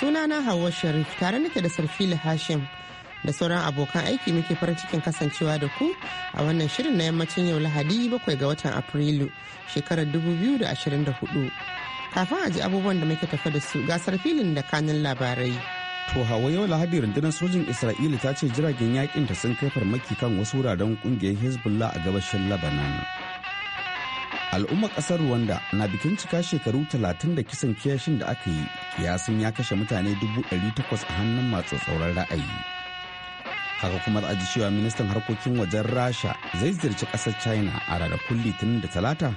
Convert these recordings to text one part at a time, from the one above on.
sunana Hauwa Sharif tare nake da Sarfila Hashim da sauran abokan aiki muke farin cikin kasancewa da ku a wannan shirin na yammacin yau Lahadi bakwai ga watan Afrilu shekarar 2024. Kafin a ji abubuwan da muke tafa da su ga Sarfilin da kanin labarai. To hawa yau Lahadi rundunar sojin Isra'ila ta ce jiragen yakin ta sun kai farmaki kan wasu wuraren kungiyar Hezbollah a gabashin Lebanon. al'ummar kasar rwanda na bikin cika shekaru talatin da kisan kiyashin da aka yi kiyasin ya kashe mutane 800 a hannun masu tsauran ra'ayi haka kuma za a ji cewa ministan harkokin wajen rasha zai ziyarci kasar china a ranakun litinin da talata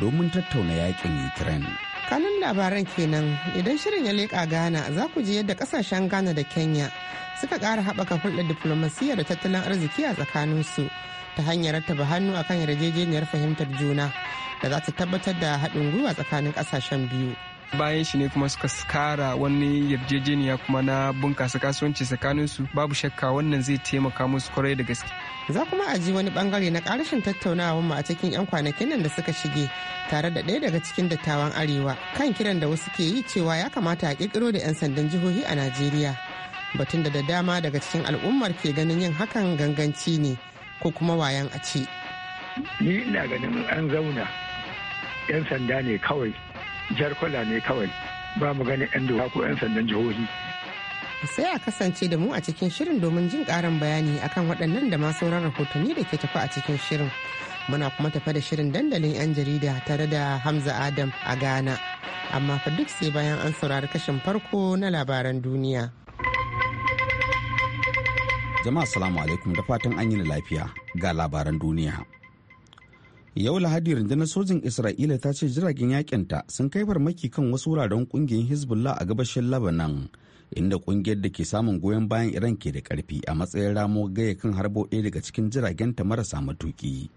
domin tattauna yakin ukraine kanun labaran kenan idan shirin ya leƙa ghana za ku ji yadda kasashen ghana da kenya suka ƙara haɓaka hulɗar diflomasiyya da tattalin arziki a tsakaninsu ta hanyar rattaba hannu a kan yarjejeniyar fahimtar juna da za ta tabbatar da haɗin gwiwa tsakanin ƙasashen biyu. bayan shi ne kuma suka kara wani yarjejeniya kuma na bunkasa kasuwanci tsakanin su babu shakka wannan zai taimaka musu kwarai da gaske. Za kuma a wani bangare na karashin tattaunawa mu a cikin 'yan kwanakin nan da suka shige tare da ɗaya daga cikin dattawan arewa kan kiran da wasu ke yi cewa ya kamata a kirkiro da 'yan sandan jihohi a Najeriya. Batun da da dama daga cikin al'ummar ke ganin yin hakan ganganci ne ko kuma wayan a ce ni ina ganin an zauna yan sanda ne kawai kula ne kawai ba mu ganin yan doka ko yan sandan jihohi sai a kasance da mu a cikin shirin domin jin ƙarin bayani akan waɗannan da masu sauran rahotanni da ke tafi a cikin shirin muna kuma tafa da shirin dandalin 'yan jarida tare da hamza adam a ghana amma fa duk sai bayan an saurari kashin farko na labaran duniya. Jama'a salamu alaikum da fatan an yi lafiya ga labaran duniya. Yau Lahadi rundunar sojin Isra'ila ta ce jiragen yakinta sun kai farmaki kan wasu wuraren kungiyar Hezbollah a gabashin labanan inda kungiyar da ke samun goyon bayan Iran ke da karfi a matsayin ramo gaya kan harbo ɗaya daga cikin jiragenta marasa matuki.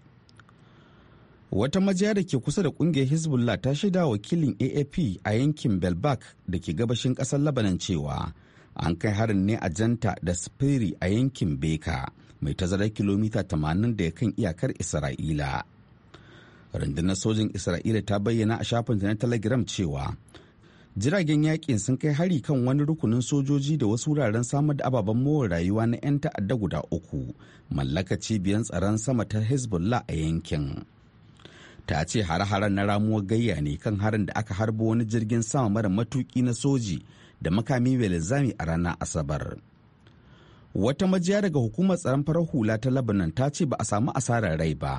Wata majiya da ke kusa da kungiyar Hezbollah ta shaida wakilin AAP a yankin Belbak da ke gabashin ƙasar labanan cewa an kai harin ne a janta da spiri a yankin beka mai tazarar kilomita 80 da kan iyakar isra'ila rundunar sojin isra'ila ta bayyana a shafinta na telegram cewa jiragen yakin sun kai hari kan wani rukunin sojoji da wasu wuraren samar da ababen more rayuwa na 'yan ta'adda guda uku mallaka cibiyar tsaron sama ta hezbollah a yankin ta ce hare-haren na ramuwar gayya ne kan harin da aka harbo wani jirgin sama mara matuki na soji da makami mai linzami a ranar asabar wata majiya daga hukumar tsaron farar hula ta labanan ta ce ba a samu asarar rai ba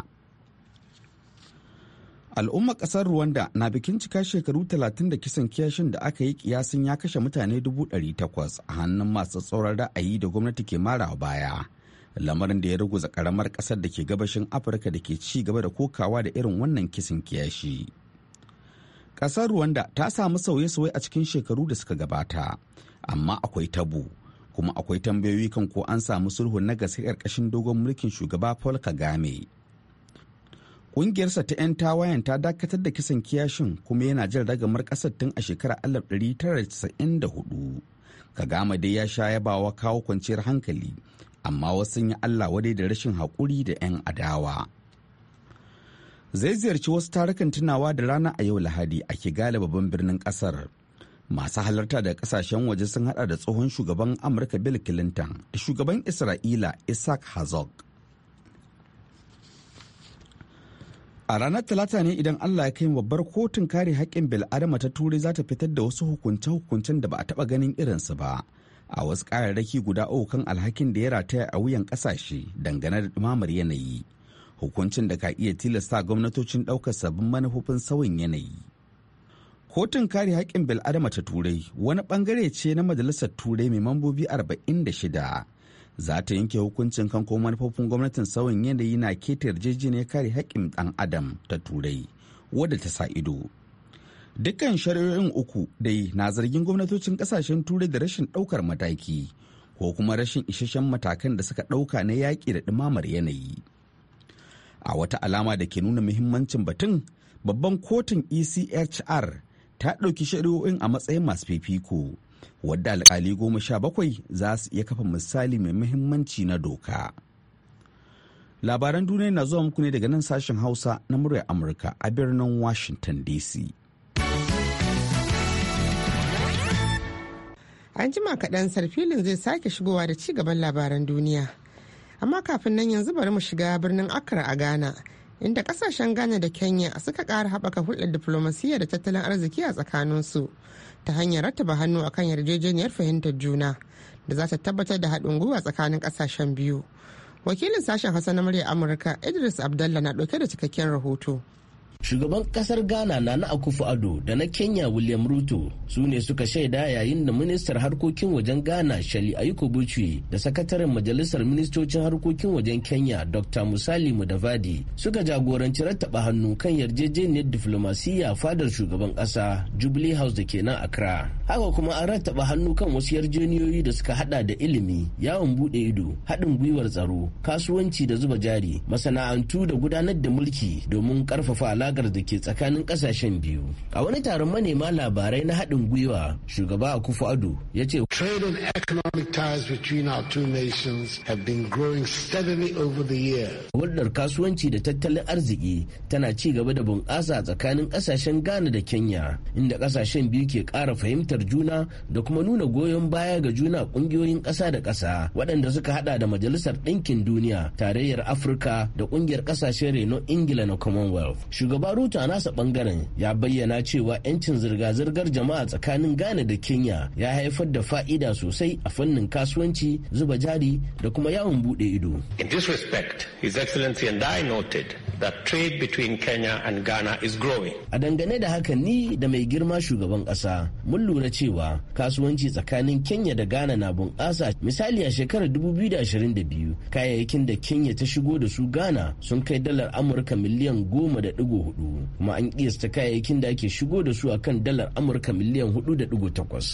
al'ummar kasar rwanda na bikin cika shekaru 30 da kisan kiyashin da aka yi kiyasin ya kashe mutane 800 a hannun masu tsoron ra'ayi da gwamnati ke mara baya lamarin da ya ruguza karamar kasar da ke gabashin afirka da ke ci gaba da kokawa da irin wannan kisan kiyashi. Ƙasar Rwanda ta samu sauye-sauye a cikin shekaru da suka gabata, amma akwai tabu, kuma akwai tambayoyi kan ko an samu sulhu na gaske ƙarƙashin dogon mulkin shugaba Paul Kagame. Ƙungiyarsa ta 'yan tawayen ta dakatar da kisan kiyashin kuma yana jin ragamar ƙasar tun a shekarar 1994. Kagame dai ya sha yabawa kawo kwanciyar hankali, amma wasu sun yi Allah wadai da rashin haƙuri da 'yan adawa. zai ziyarci wasu tarukan tunawa da rana a yau lahadi a kigali babban birnin kasar masu halarta daga kasashen waje sun hada da tsohon shugaban amurka bill clinton da shugaban isra'ila isaac herzog a ranar talata ne idan allah ya kai babbar kotun kare haƙƙin bil'adama ta turai za ta fitar da wasu hukunce-hukuncen da ba a taɓa ganin irinsu ba a wasu ƙararraki guda uku kan alhakin da ya rataya a wuyan ƙasashe dangane da ɗumamar yanayi hukuncin da ka iya tilasta gwamnatocin ɗaukar sabbin manufofin sauyin yanayi. Kotun kare haƙƙin bil'adama ta Turai wani ɓangare ce na Majalisar Turai mai mambobi 46 za ta yanke hukuncin kan ko manufofin gwamnatin sauyin yanayi na keta yarjejeniyar kare haƙƙin ɗan adam ta Turai wadda ta sa ido. Dukkan shari'o'in uku dai na zargin gwamnatocin ƙasashen Turai da rashin ɗaukar mataki ko kuma rashin isasshen matakan da suka ɗauka na yaƙi da ɗumamar yanayi. a wata alama da ke nuna muhimmancin batun babban kotun echr ta ɗauki shari'o'in a matsayin masu fifiko wadda alkali goma sha bakwai za su iya kafa misali mai muhimmanci na doka labaran duniya na zuwa muku ne daga nan sashen hausa na muryar amurka a birnin washington dc an jima kaɗan sarfilin zai sake shigowa da ci gaban labaran duniya amma kafin nan yanzu bari mu shiga birnin accra a ghana inda kasashen ghana da kenya suka ƙara haɓaka hulɗar diflomasiyya da tattalin arziki a tsakaninsu ta hanyar rattaba hannu akan yarjejeniyar fahimtar juna da za ta tabbatar da haɗin gwiwa tsakanin ƙasashen biyu wakilin sashen Hassan na murya amurka idris abdallah na ɗauke da cikakken rahoto Shugaban kasar Ghana na na Akufo Ado da na Kenya William Ruto su ne suka shaida yayin da ministar harkokin wajen Ghana Shali Ayiko Bucci da sakataren majalisar ministocin harkokin wajen Kenya Dr. Musali Mudavadi suka jagoranci rattaba hannu kan yarjejeniyar diflomasiyya fadar shugaban kasa Jubilee House da ke nan Accra. Haka kuma an rattaba hannu kan wasu yarjejeniyoyi da suka hada da ilimi, yawon bude ido, haɗin gwiwar tsaro, kasuwanci da zuba jari, masana'antu da gudanar da mulki domin ƙarfafa alakar da ke tsakanin kasashen biyu a wani taron manema labarai na haɗin gwiwa shugaba kufu ado ya ce trade and economic ties between our two nations have been growing steadily over the years hulɗar kasuwanci da tattalin arziki tana ci gaba da bunƙasa tsakanin kasashen ghana da kenya inda kasashen biyu ke ƙara fahimtar juna da kuma nuna goyon baya ga juna ƙungiyoyin ƙasa da ƙasa waɗanda suka haɗa da majalisar ɗinkin duniya tarayyar afirka da ƙungiyar ƙasashen reno ingila na commonwealth shugaba ruto a nasa bangaren ya bayyana cewa 'yancin zirga-zirgar jama'a tsakanin ghana da kenya ya haifar da fa'ida sosai a fannin kasuwanci zuba jari da kuma yawon bude ido in this respect his excellency and i noted that trade between kenya and ghana is growing a dangane da haka ni da mai girma shugaban kasa mun lura cewa kasuwanci tsakanin kenya da ghana na bunƙasa misali a shekarar 2022 kayayyakin da kenya ta shigo da su ghana sun kai dalar amurka miliyan goma da digo hudu kuma an kiyasta kayayyakin da ake shigo da su akan dalar amurka miliyan hudu da dugu takwas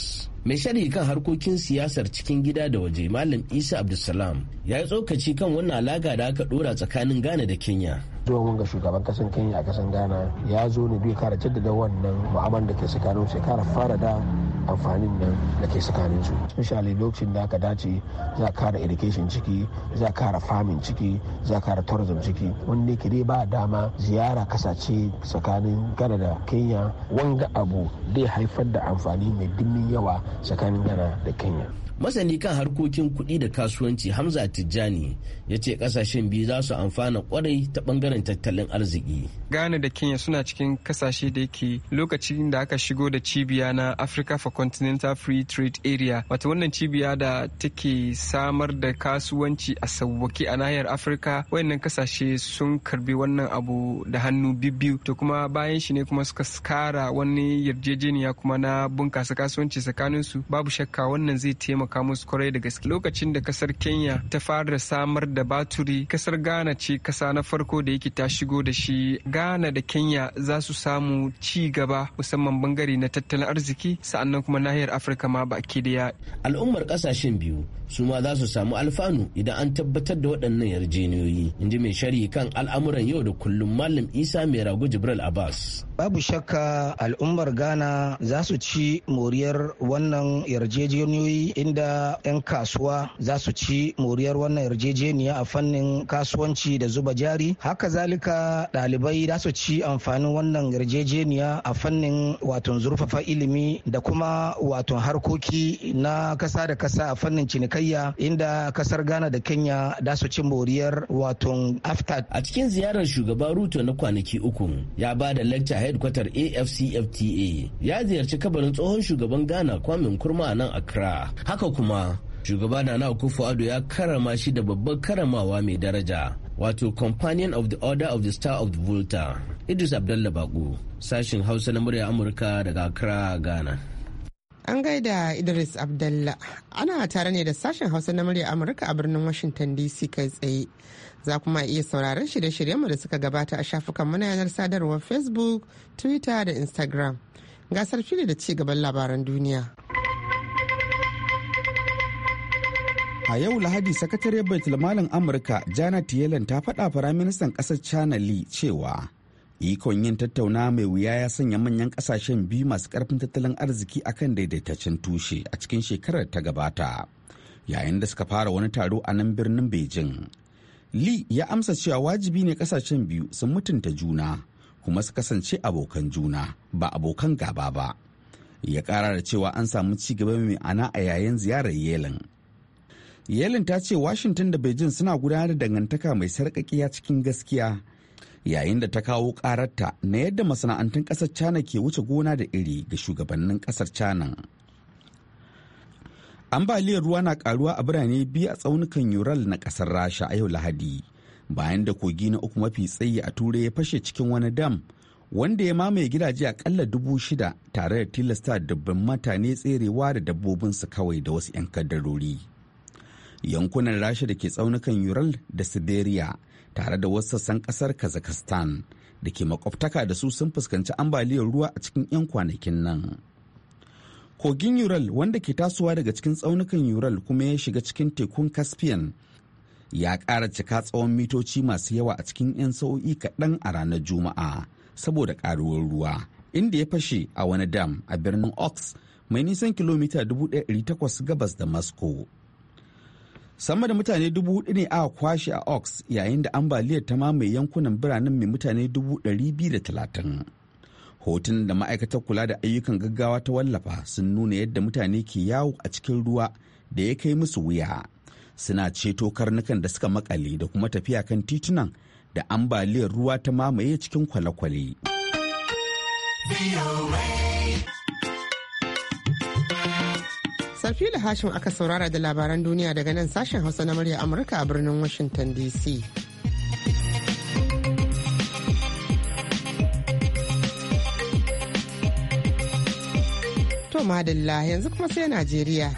mai sharhi kan harkokin siyasar cikin gida da waje malam isa abdulsalam ya yi tsokaci kan wannan alaka da aka dora tsakanin ghana da kenya zuwan ga shugaban kasan kenya a kasan ghana ya zo ne bai kara jaddada wannan mu'amalar da ke tsakanin su kara fara da amfanin nan da ke tsakanin su especially lokacin da aka dace za a kara education ciki za a kara farming ciki za a kara tourism ciki wanda ke dai ba dama ziyara kasace tsakanin ghana da kenya wanga abu dai haifar da amfani mai dimmin yawa tsakanin ghana da kenya masani kan harkokin kuɗi da kasuwanci hamza tijjani ya ce kasashen biyu za su amfana kwarai ta bangaren tattalin arziki ghana da kenya suna cikin kasashe da yake lokacin da aka shigo da cibiya na africa for continental free trade area wata wannan cibiya da take samar da kasuwanci a sauwaki a nahiyar afirka wayannan kasashe sun karbi wannan abu da hannu biyu to kuma bayan shi ne kuma suka kara wani yarjejeniya kuma na bunkasa kasuwanci tsakaninsu babu shakka wannan zai taimaka taimaka musu kwarai da gaske lokacin da kasar kenya ta fara samar da baturi kasar ghana ce kasa na farko da yake ta shigo da shi ghana da kenya za su samu ci gaba musamman bangare na tattalin arziki sa'annan kuma nahiyar afirka ma baki daya al'ummar kasashen biyu su ma za su samu alfanu idan an tabbatar da waɗannan yarjejeniyoyi inji mai shari'i kan al'amuran yau da kullum malam isa mai rago jibril abbas babu shakka al'ummar ghana za su ci moriyar wannan yarjejeniyoyi inda 'yan kasuwa za su ci moriyar wannan yarjejeniya a fannin kasuwanci da zuba jari haka zalika ɗalibai za su ci amfanin wannan yarjejeniya a fannin wato zurfafa ilimi da kuma waton harkoki na kasa da kasa a fannin cinikai tarayya inda kasar Ghana da Kenya da su ci moriyar wato aftat A cikin ziyarar shugaba Ruto na kwanaki uku ya ba da lecture headquarter AFCFTA ya ziyarci kabarin tsohon shugaban Ghana Kwame Nkrumah nan Accra. Haka kuma shugaba Nana Akufo-Addo ya karama shi da babbar karamawa mai daraja wato companion of the order of the star of the volta idris abdullahi bako sashin hausa na murya amurka daga accra ghana An gaida Idris Abdallah. Ana tare ne da sashen Hausa na murya Amurka a birnin Washington DC kai tsaye. Za kuma iya sauraron shirye-shiryenmu da suka gabata a shafukan mana yanar sadarwar Facebook, Twitter da Instagram. Gasar fili da cigaban labaran duniya. A yau Lahadi sakatariyar Baitulmalin Amurka Janet Yellen ta faɗa Firaministan ƙasar China Lee cewa ikon yin tattauna mai wuya ya sanya manyan kasashen biyu masu karfin tattalin arziki a kan daidaitaccen tushe a cikin shekarar ta gabata yayin da suka fara wani taro a nan birnin beijing li ya amsa cewa wajibi ne kasashen biyu sun mutunta juna kuma su kasance abokan juna ba abokan gaba ba ya kara da cewa an samu ci gaba mai ana a yayin ziyarar yelin yelin ta ce washington da beijing suna gudanar da dangantaka mai sarƙaƙiya cikin gaskiya yayin da ta kawo ƙararta na yadda masana'antun ƙasar cana ke wuce gona da iri ga shugabannin ƙasar cana. ambaliyar ruwa na karuwa a birane biyu a tsaunukan yu'ral na ƙasar rasha a yau lahadi bayan da kogi na uku mafi tsayi a turai ya fashe cikin wani dam wanda ya mamaye gidaje akalla dubu shida tare da tilasta dubban mutane tserewa da dabbobin su kawai da wasu 'yan yankunan rasha da ke tsaunukan yu'ral da siberia tare da wasu sassan kasar kazakhstan da ke makwabtaka da su sun fuskanci ambaliyar ruwa a cikin 'yan kwanakin nan kogin ural wanda ke tasowa daga cikin tsaunukan ural kuma ya shiga cikin tekun caspian ya ƙara cika tsawon mitoci masu yawa a cikin 'yan sa'o'i kaɗan a ranar juma'a saboda ƙaruwar ruwa inda ya fashe a wani dam a birnin ox mai nisan kilomita 1800 gabas da moscow sama da mutane dubu hudu ne aka kwashe a ox yayin da ambaliyar ta mamaye yankunan biranen mai mutane dubu ɗari biyu da talatin hotun da ma'aikatar kula da ayyukan gaggawa ta wallafa sun nuna yadda mutane ke yawo a cikin ruwa da ya kai musu wuya suna ceto karnukan da suka makale da kuma tafiya kan titunan da ambaliyar ruwa ta mamaye cikin kwale-kwale. da Hashim aka saurara da labaran duniya daga nan sashen Hausa na murya Amurka a birnin Washington DC. To madalla yanzu kuma sai Najeriya.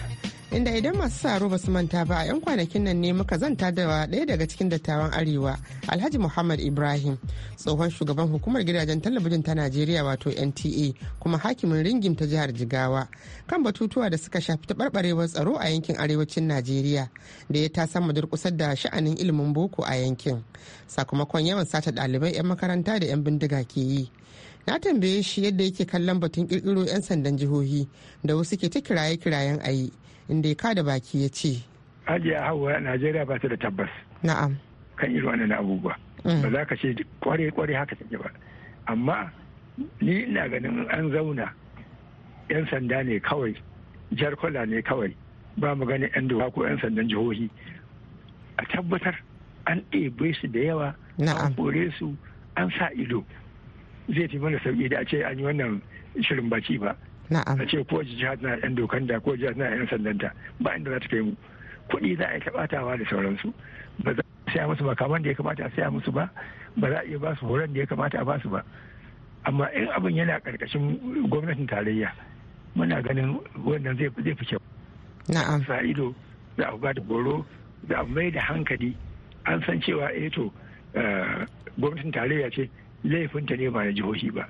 inda idan masu saro basu manta ba a 'yan kwanakin nan ne muka zanta da ɗaya daga cikin dattawan arewa alhaji muhammad ibrahim tsohon shugaban hukumar gidajen talabijin ta najeriya wato nta kuma hakimin ringim ta jihar jigawa kan batutuwa da suka shafi taɓarɓarewar tsaro a yankin arewacin najeriya da ya ta sama durƙusar da sha'anin ilimin boko a yankin sakamakon yawan sata ɗalibai 'yan makaranta da 'yan bindiga ke yi na tambaye shi yadda yake kallon batun kirkiro 'yan sandan jihohi da wasu ke ta kiraye-kirayen a yi inda ya kada baki ya ce hajiya hawa najeriya ba ta da tabbas na'am kan irin wannan abubuwa Mm. ba za ka ce kware kware haka take ba amma ni ina ganin an zauna yan sanda ne kawai jarkwala ne kawai ba mu gani yan doka ko yan sandan jihohi a tabbatar an ɗebe su da yawa an kore su an sa ido zai fi mana sauƙi da a ce an yi wannan shirin baki ba a ce ko jihar na yan dokan da ko jihar na yan sandanta ba inda za ta kai mu kuɗi za a yi taɓatawa da sauransu ba za siya musu ba makaman da ya kamata a saya musu ba ba za a iya ba su horon da ya kamata a ba su ba amma in abin yana karkashin gwamnatin tarayya muna ganin wannan zai fi kyau na'am sa ido za a da goro za a mai da hankali an san cewa eh to eh, gwamnatin tarayya ce laifinta ne ba na jihohi ba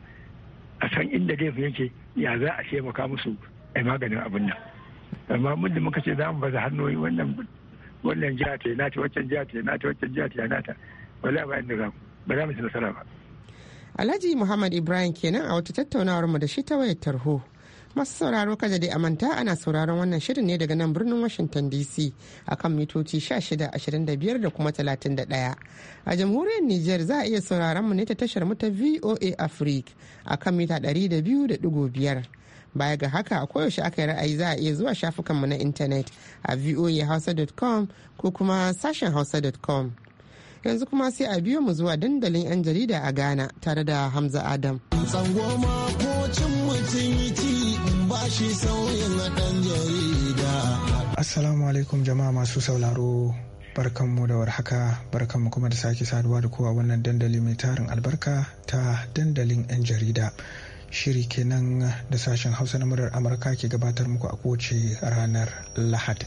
a san inda laifin yake ya za a taimaka musu a maganin abin nan amma mun da muka ce za mu baza hannu wannan wannan jiha ta nata waccan jiha ta nata waccan jiha ta nata wala ba inda za ba za mu ci nasara ba Alhaji Muhammad Ibrahim kenan a wata tattaunawar mu da shi ta wayar tarho masu sauraro kada dai amanta ana sauraron wannan shirin ne daga nan birnin Washington DC akan mitoci 1625 da kuma 31 a jamhuriyar Nijar za a iya sauraron mu ne ta tashar mu ta VOA Africa akan mita 200.5 baya ga haka a koyaushe aka yi ra'ayi za a iya zuwa shafukanmu na intanet a voahausa.com ko kuma sashen hausa.com yanzu kuma sai a biyo mu zuwa dandalin 'yan jarida a ghana tare da hamza adam assalamu alaikum jama'a masu sauraro barkanmu da warhaka barkanmu kuma da sake saduwa da kowa wannan dandali mai tarin albarka ta dandalin 'yan jarida shiri kenan da sashen hausa na murar amurka ke gabatar muku a kowace ranar lahad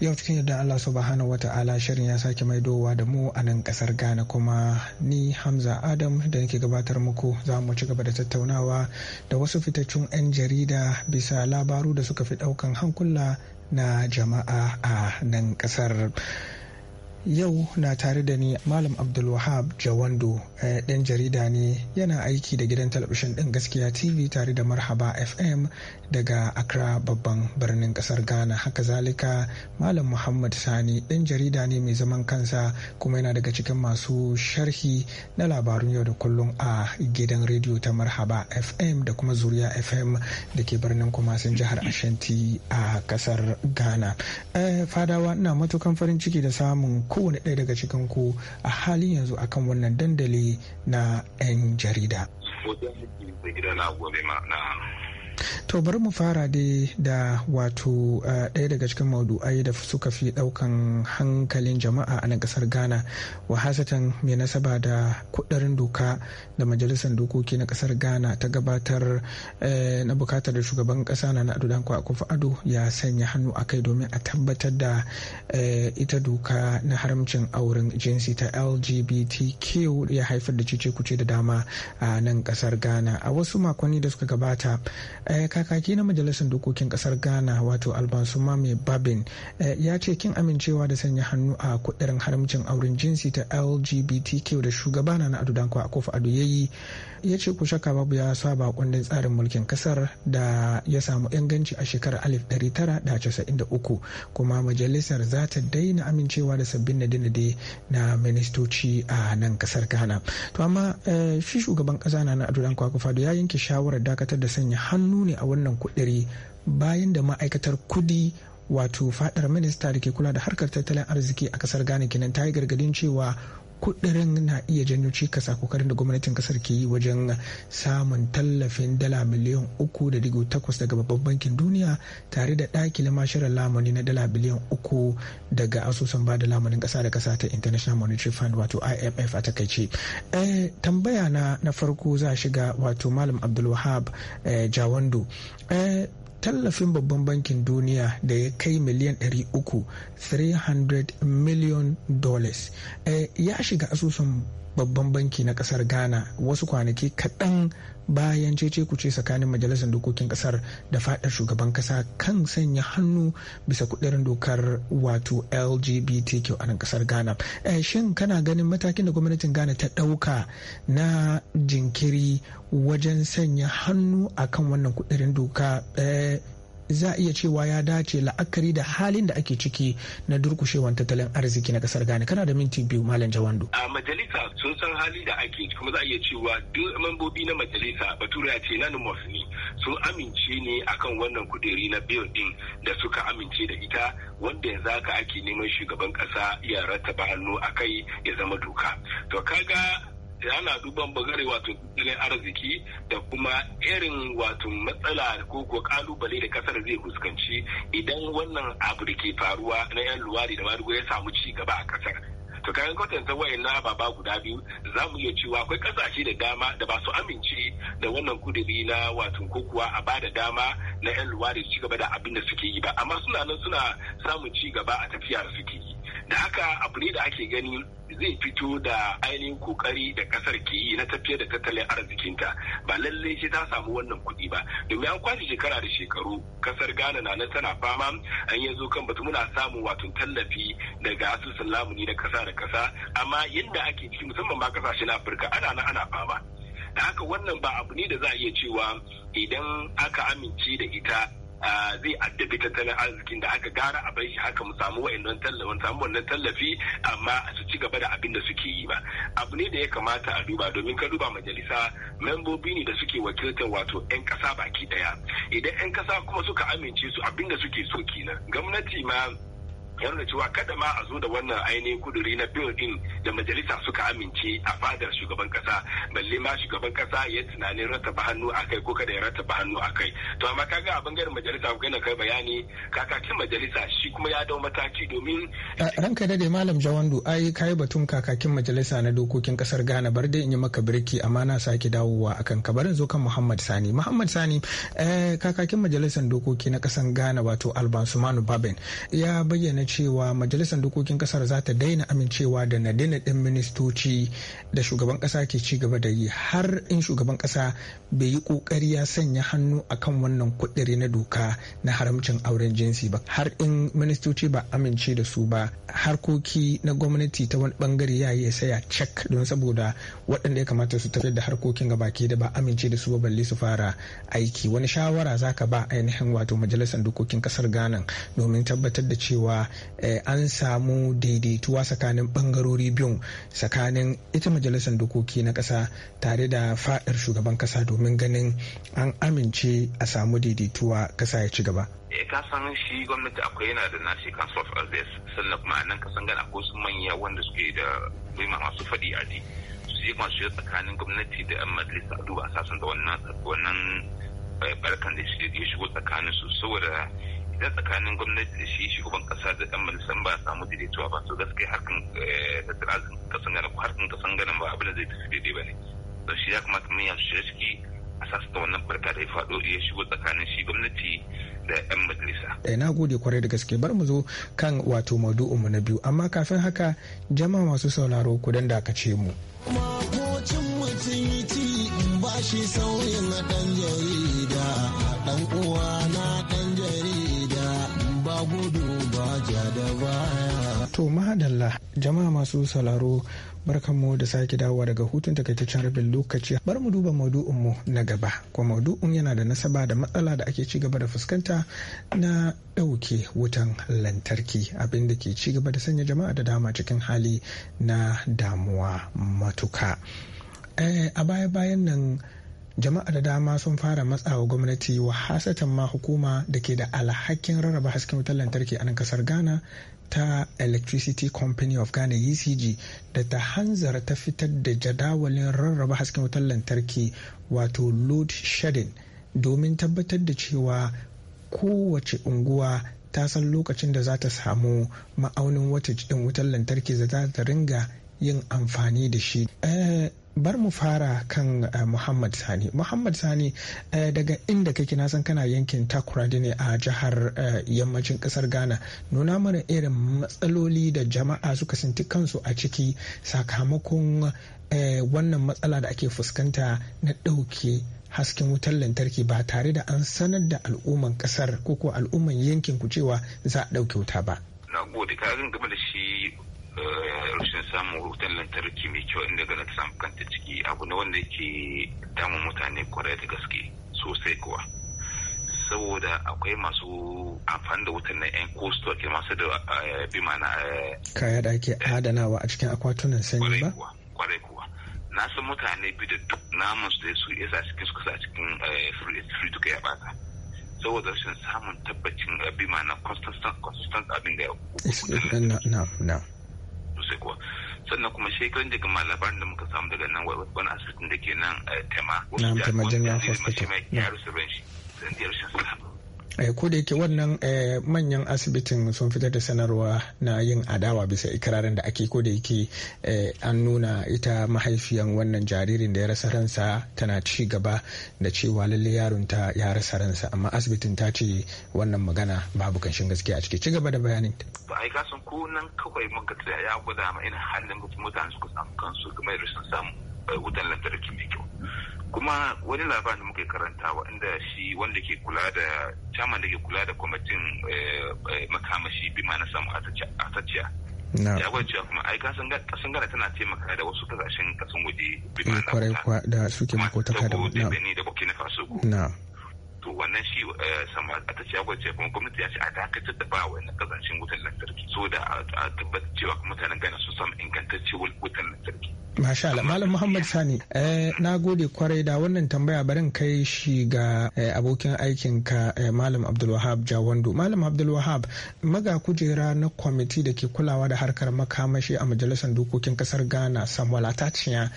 yau cikin yadda allah subhanahu wa ta'ala shirin ya sake maidowa da mu a nan kasar ghana kuma ni hamza adam da nake gabatar muku za mu ci gaba da tattaunawa da wasu fitaccun 'yan jarida bisa labaru da suka fi daukan hankula na jama'a a nan kasar. yau na tare da ni malam abdulwahab jawando eh, ɗan jarida ne yana aiki da gidan talabishin ɗin gaskiya tv tare da marhaba fm daga accra babban birnin ƙasar ghana haka zalika malam muhammad sani ɗan jarida ne mai zaman kansa kuma yana daga cikin masu sharhi na labarun yau da kullum a gidan rediyo ta marhaba fm da kuma zuriya fm da ke birnin kumasin jihar ashanti a ƙasar ghana eh, fadawa ina matukan farin ciki da samun kowane ɗaya daga cikin ku a halin yanzu akan wannan dandali na 'yan jarida. to bari mu fara dai da wato eh, ɗaya daga cikin maudu'ai da suka fi ɗaukan hankalin jama'a a nan ƙasar ghana wahasatan mai nasaba da kudarin doka da majalisar dokoki na ƙasar ghana ta gabatar eh, na bukatar da shugaban ƙasa na na adudanku akufo ado ya sanya hannu a kai domin a tabbatar da eh, ita doka na haramcin auren jinsi ta lgbtq ya haifar da cece kuce da dama a nan ƙasar ghana a wasu makonni da suka gabata Eh, kakaki na majalisar dokokin kasar ghana wato albansuma mai babin eh, ya ce kin amincewa da sanya hannu a kudirin haramcin auren jinsi ta lgbtq da shugaba na adudankwa kofa ado yayi ya ce ku shaka babu ya saba kundin tsarin mulkin kasar da ya samu inganci a shekarar 1993 kuma majalisar za ta daina amincewa da sabbin nade-nade na ministoci a nan kasar ghana to amma eh, shi shugaban kasa na adudan fado ya yanke shawarar dakatar da sanya hannu ne a wannan kudiri bayan da ma'aikatar kudi wato fadar minista da ke kula da harkar tattalin arziki a kasar ghana kenan ta yi gargadin cewa kudirin na iya janyo cikas a kokarin da gwamnatin kasar ke yi wajen samun tallafin dala miliyan uku da digo takwas daga babban bankin duniya tare da dakile mashirar lamuni na dala biliyan uku daga asusun bada lamunin ƙasa da ƙasa ta international monetary fund wato imf a takaice eh, tambaya na na farko za shiga wato malam abdulwahab eh, jawando eh, tallafin babban bankin duniya da ya kai miliyan 300 300 million dollars eh, ya shiga asusun babban banki na kasar ghana wasu kwanaki kaɗan bayan cece kuce tsakanin majalisar dokokin kasar da fadar shugaban kasa kan sanya hannu bisa kudirin dokar wato lgbtq a nan kasar ghana eh, shin kana ganin matakin da gwamnatin ghana ta dauka na jinkiri wajen sanya hannu akan wannan kudirin doka eh, za a iya cewa ya dace la'akari da halin da ake ciki na durkushewan tattalin arziki na kasar Ghana kana da minti biyu malam jawandu a majalisa sun san hali da ake kuma za a iya cewa duk mambobi na majalisa batura ce na ne sun amince ne akan wannan kuderi na biyu din da suka amince da ita wanda yanzu haka ake neman shugaban kasa ya rattaba hannu a kai ya zama doka to kaga ana duban bagare wato tattalin arziki da kuma irin wato matsala ko ko kalubale da kasar zai fuskanci idan wannan abu da ke faruwa na yan luwadi da madugo ya samu ci gaba a kasar to kayan kwatanta wayan na ba guda biyu za mu iya cewa akwai kasashe da dama da ba su amince da wannan kudiri na wato ko kuwa a ba da dama na yan luwadi su ci gaba da abin da suke yi ba amma suna nan suna samun ci gaba a tafiyar suke yi da haka abu ne da ake gani zai fito da ainihin kokari da kasar ke yi na tafiyar da tattalin arzikinta ba lallai sai ta samu wannan kuɗi ba domin an kwashe shekara da shekaru kasar ghana na nan tana fama an yanzu kan batu muna samun wato tallafi daga asusun lamuni na kasa da kasa amma yadda ake ciki musamman ma kasashen afirka ana nan ana fama da haka wannan ba abu ne da za a iya cewa idan aka amince da ita Ah, zai addabi tattalin arzikin da aka gara a bai shi haka mu samu wa'annan tallafi wannan tallafi amma su ci gaba da abin da suke yi ba abu ne da ya kamata a duba domin ka duba majalisa membobi ne da suke wakiltar wato 'yan kasa baki daya idan 'yan kasa kuma suka amince su abin da suke so kenan gwamnati ma yan cewa kada ma a zo da wannan ainihin kuduri na bill din da majalisa suka amince a fadar shugaban kasa balle ma shugaban kasa ya tunanin rattaba hannu a kai ko kada ya rattaba hannu a kai to amma ka ga abin garin majalisa ku kai bayani kakakin majalisa shi kuma ya dau mataki domin ranka dade malam jawandu ai kai batun kakakin majalisa na dokokin kasar Ghana bar dai in yi maka birki amma na sake dawowa akan ka barin zo kan Muhammad Sani Muhammad Sani eh, kakakin majalisan dokoki na kasar Ghana wato Alban Sumanu Baben ya bayyana cewa majalisar dokokin kasar za ta daina amincewa da nadina ɗin ministoci da shugaban kasa ke ci gaba da yi har in shugaban kasa bai yi kokari ya sanya hannu akan wannan kuɗiri na doka na haramcin auren jinsi ba har in ministoci ba amince da su ba harkoki na gwamnati ta wani bangare ya yi saya cek don saboda waɗanda ya kamata su tafiyar da harkokin gabaki da ba amince da su ba balle su fara aiki wani shawara zaka ba ainihin wato majalisar dokokin kasar ghana domin tabbatar da cewa eh, an samu daidaituwa tsakanin bangarori biyun tsakanin ita majalisar dokoki na ƙasa tare da faɗar shugaban ƙasa domin ganin an amince a samu daidaituwa ƙasa ya ci gaba e ka san shi gwamnati akwai yana da nashi council of elders sannan kuma nan kasan gana ko su manya wanda suke da rima masu faɗi a su yi masu tsakanin gwamnati da 'yan majalisa a duba sasan da wannan eh, barkan da ya shigo tsakanin su saboda idan tsakanin gwamnati da shi shugaban kasa da 'yan majalisa ba a samu daidaituwa ba su gaske harkan eh, tattalin kasan ganin harkan kasan ganin ba abin da zai tafi daidai ba ne don shi ya kamata mun yasu shirya ciki a da wannan barka da ya faɗo ya shigo tsakanin shi gwamnati da 'yan majalisa. Eh, na gode kwarai da gaske bar mu zo kan wato maudu'inmu na biyu amma kafin haka jama'a masu sauraro ku dan ce mu. makocin mutunci ba shi sauyin na ɗan jarida ɗan uwa na ɗan jarida ba gudu ba ja da baya To mahadalla jama'a masu sauraro barkanmu da sake dawowa daga hutun takaitaccen rabin lokaci bar mu duba mu na gaba kuma maudu'un yana da nasaba da matsala da ake cigaba da fuskanta na ɗauke wutan lantarki abinda da ke cigaba da sanya jama'a da dama cikin hali na damuwa matuka eh, a baya-bayan nan jama'a da dama sun fara matsawa gwamnati wa hasatan ma hukuma da ke da alhakin rarraba hasken wutar lantarki a nan kasar ghana ta electricity company of ghana ecg da ta hanzara ta fitar da jadawalin rarraba hasken wutar lantarki wato load shedding domin tabbatar da cewa kowace unguwa ta san lokacin da za ta samu ma'aunin wata wutar lantarki da za ta ringa yin amfani da shi. Eh, bar mu fara kan eh, muhammad sani muhammad sani eh, daga inda kake na san kana yankin takuradi ne a jihar eh, yammacin kasar ghana nuna mana irin matsaloli da jama'a suka sinti kansu a ciki sakamakon wannan matsala da ake fuskanta na ɗauke hasken wutar lantarki ba tare da an sanar da al'umman kasar ko ko al'umman yankin ku cewa za a ɗauke wuta ba na gode ka game da shi Eh, rashin samun wutan lantarki mai kyau inda gana ta samu kanta ciki abu ne wanda ke damun mutane kwarai da gaske sosai kuwa saboda akwai masu amfani da wutan na yan kosto ke masu da eh, bi mana eh, kaya da ake adanawa a cikin akwatunan sanyi ba kwarai kuwa na san mutane bi da duk namun su da su isa cikin su kusa cikin free duka ya bata saboda rashin samun tabbacin bima mana constant abin da ya na na sosai kuwa sannan kuma shekarun daga malabar da muka samu daga nan wani asibitin da ke nan eh, tema wani jami'ai ya rusa ran shi sandiyar shi Eh, ko da yake wannan eh, manyan asibitin sun fitar da sanarwa na yin adawa bisa ikirarin da ake ko da yake eh, an nuna ita mahaifiyan wannan jaririn da ya rasa ransa tana ci gaba da cewa lalle yaron ta ya rasa ransa amma asibitin ta ce wannan magana babu kanshin gaskiya a ciki ci gaba da bayanin ba ai ka san ko nan kawai muka tsaya ya gwada ma ina halin mutane su samu kansu kuma irin sun samu wutan lantarki mai kyau kuma wani labarin muke karanta inda shi wanda ke kula da chairman da ke kula da kwamitin eh, eh, makamashi bi ma na samu atacciya ya gwada kuma ai kasan gana tana taimaka da wasu kasashen kasan waje bi ma na eh, da suke makotaka da na da burkina faso to wannan shi eh, sama a ta ce kuma gwamnati ya ce a dakatar da ba wani kazancin wutan lantarki so da a tabbatar cewa mutanen gana su samu ingantacce wutan lantarki Masha Allah Malam Muhammad Sani eh, na gode kwarai da wannan tambaya barin kai shi ga eh, abokin aikin ka Malam Abdulwahab Jawando Malam Abdulwahab maga kujera na kwamiti da ke kulawa da harkar makamashi a majalisar dokokin kasar Ghana Samuel Atachiya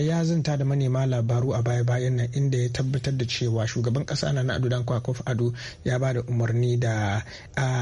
ya zanta da manema labaru a baya-bayan nan inda ya tabbatar da cewa shugaban kasa na ado dan kwakwaf ado ya ba da umarni da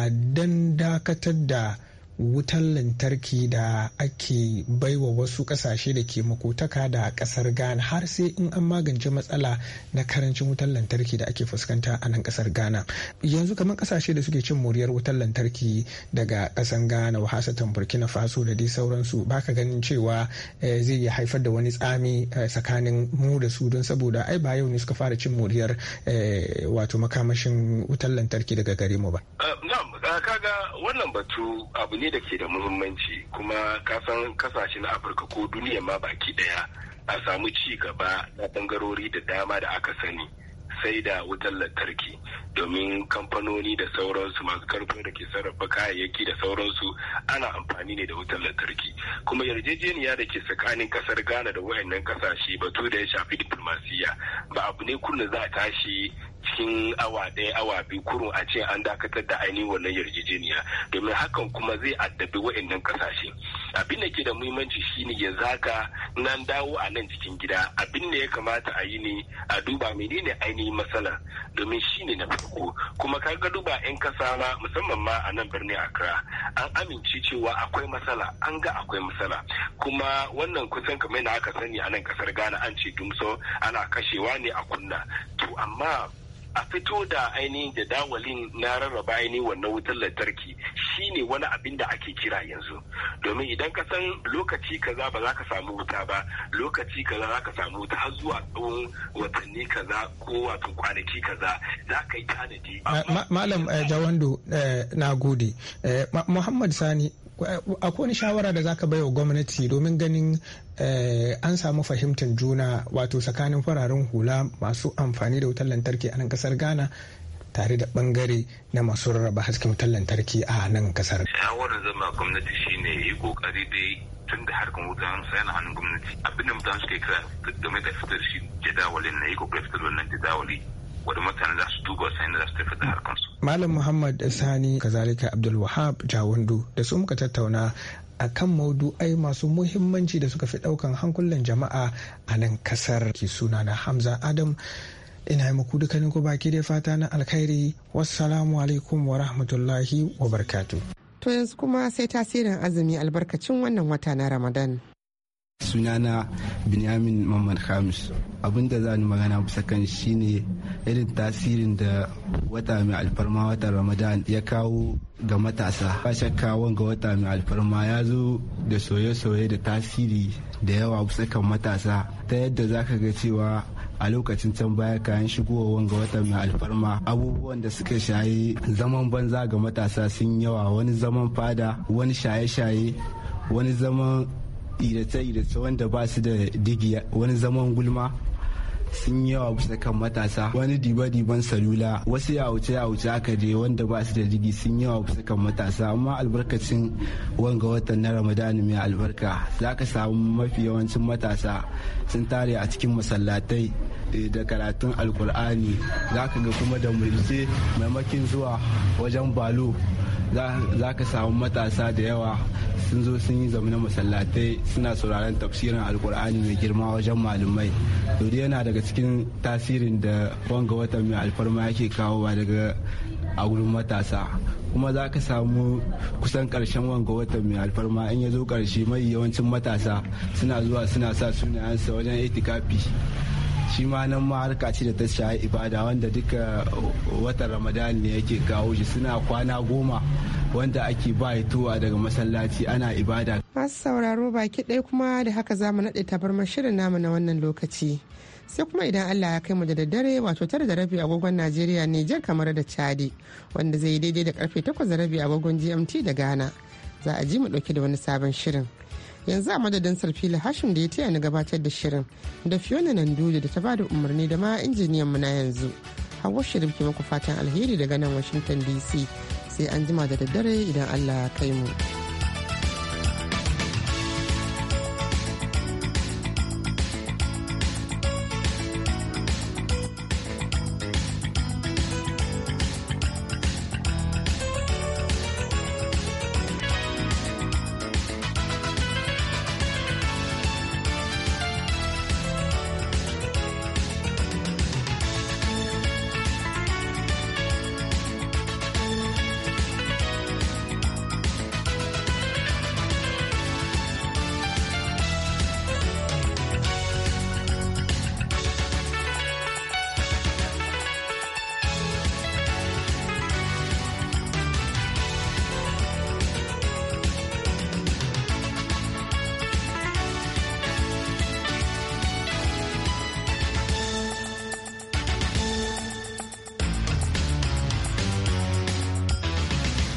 dan dakatar da wutar lantarki da ake baiwa wasu kasashe da ke makotaka da kasar ghana har sai in an magance matsala na karancin wutar lantarki da ake fuskanta a nan kasar ghana yanzu kamar kasashe da suke cin moriyar wutar lantarki daga kasan ghana wahasatan burkina faso da dai sauransu baka ganin cewa eh, zai iya haifar da wani tsami eh, tsakanin mu da su don saboda ai ba yau ne suka fara cin moriyar eh, wato makamashin wutar lantarki daga gare mu ba. kaga wannan batu abu ne da ke da muhimmanci kuma kasan kasashe na afirka ko duniya ma baki daya a samu ci gaba na bangarori da dama da aka sani sai da wutar lantarki domin kamfanoni da sauransu masu karfin da ke sarrafa kayayyaki da sauransu ana amfani ne da wutar lantarki kuma yarjejeniya da ke tsakanin kasar ghana da wayannan kasashe batu da ya shafi diplomasiya ba abu ne kunna za a tashi cikin awa ɗaya awa biyu kurun a ce an dakatar da ainihin wannan yarjejeniya domin hakan kuma zai addabi wa'annan kasashe abin da ke da muhimmanci shine ya zaka nan dawo a nan cikin gida abin da ya kamata a yi ne a duba menene ainihin matsala domin shine na farko kuma ka ga duba 'yan kasa ma musamman ma a nan birnin Accra an amince cewa akwai matsala an ga akwai matsala kuma wannan kusan kamar na aka sani a nan kasar Ghana an ce dumso ana kashewa ne a kunna to amma a fito da ainihin jadawalin na rarraba ainihin wannan wutar lantarki shine wani abin da ake kira yanzu domin idan ka san lokaci kaza ba za ka samu wuta ba lokaci kaza za ka samu wuta har zuwa tsawon watanni kaza ko wato kwanaki kaza za ka yi tanadi. malam eh, jawando eh, na gode eh, muhammad sani akwai wani shawara da zaka bai wa gwamnati domin ganin eh, an samu fahimtar juna wato tsakanin fararen hula masu amfani da wutar lantarki a nan kasar ghana tare da bangare na masu rarraba hasken wutar lantarki a nan kasar shawarar zama gwamnati shine yi kokari da tun da harkar wutan sa yana hannun gwamnati abinda mutane suke kira game da fitar shi jadawalin na yi kokari fitar wannan jadawali wadda mutane za su duba sai da za su tafi da harkansu. Malam Muhammad Sani kazalika Abdul Wahab Jawundu da su muka tattauna a kan maudu'ai masu muhimmanci da suka fi daukan hankulan jama'a a nan kasar ke suna na Hamza Adam ina yi muku dukkanin ku baki da fata na alkhairi wassalamu alaikum wa rahmatullahi wa barkatu. To yanzu kuma sai tasirin azumi albarkacin wannan wata na Ramadan. sunana binyamin mamman hamis abin da za ni magana bisa kan shine irin tasirin da wata mai alfarma wata ramadan ya kawo ga matasa ba shakka wanga wata mai alfarma ya zo da soye-soye da tasiri da yawa bisa kan matasa ta yadda za ka ga cewa a lokacin can baya kayan shigowa wanga wata mai alfarma abubuwan da suka shaye zaman banza ga matasa sun yawa wani zaman fada wani shaye-shaye wani zaman tsirace-tsirace wanda ba su da digi wani zaman gulma sun yi yawa bisa kan matasa wani diba-diban salula wasu ya wuce ya wuce aka je wanda ba su da digi sun yi yawa bisa kan matasa amma albarkacin wanga watan na ramadani mai albarka za ka samu mafi yawancin matasa sun tare a cikin masallatai da karatun alkur'ani za ka ga kuma da mulke maimakin zuwa wajen balo za ka samu matasa da yawa sun zo sun yi zamanin masallatai suna sauraron tafsirin alkur'ani mai girma wajen malumai to yana daga cikin tasirin da wanga wata mai alfarma yake kawowa daga a wurin matasa kuma za ka samu kusan karshen wanga watan mai alfarma in ya zo karshe mai yawancin matasa suna zuwa suna sa sunayensa wajen itikafi shi ma nan ma harka ce da ta shayi ibada wanda duka watan ramadan ne yake kawo shi suna kwana goma wanda ake ba tuwa daga masallaci ana ibada masu sauraro baki ɗaya kuma da haka za mu naɗe tabarmar shirin namu na wannan lokaci sai kuma idan allah ya kai mu da daddare wato tare da rabi agogon najeriya nijar kamar da chadi wanda zai yi daidai da karfe takwas da rabi agogon gmt da ghana za a ji mu ɗauke da wani sabon shirin yanzu a madadin sarfila hashim da ya taya ni gabatar da shirin da fiona nanduli da ta ba da umarni da ma injiniyan mu na yanzu hawa shirin ke maku fatan alheri daga nan washington dc sai an jima da daddare idan allah ya kai mu.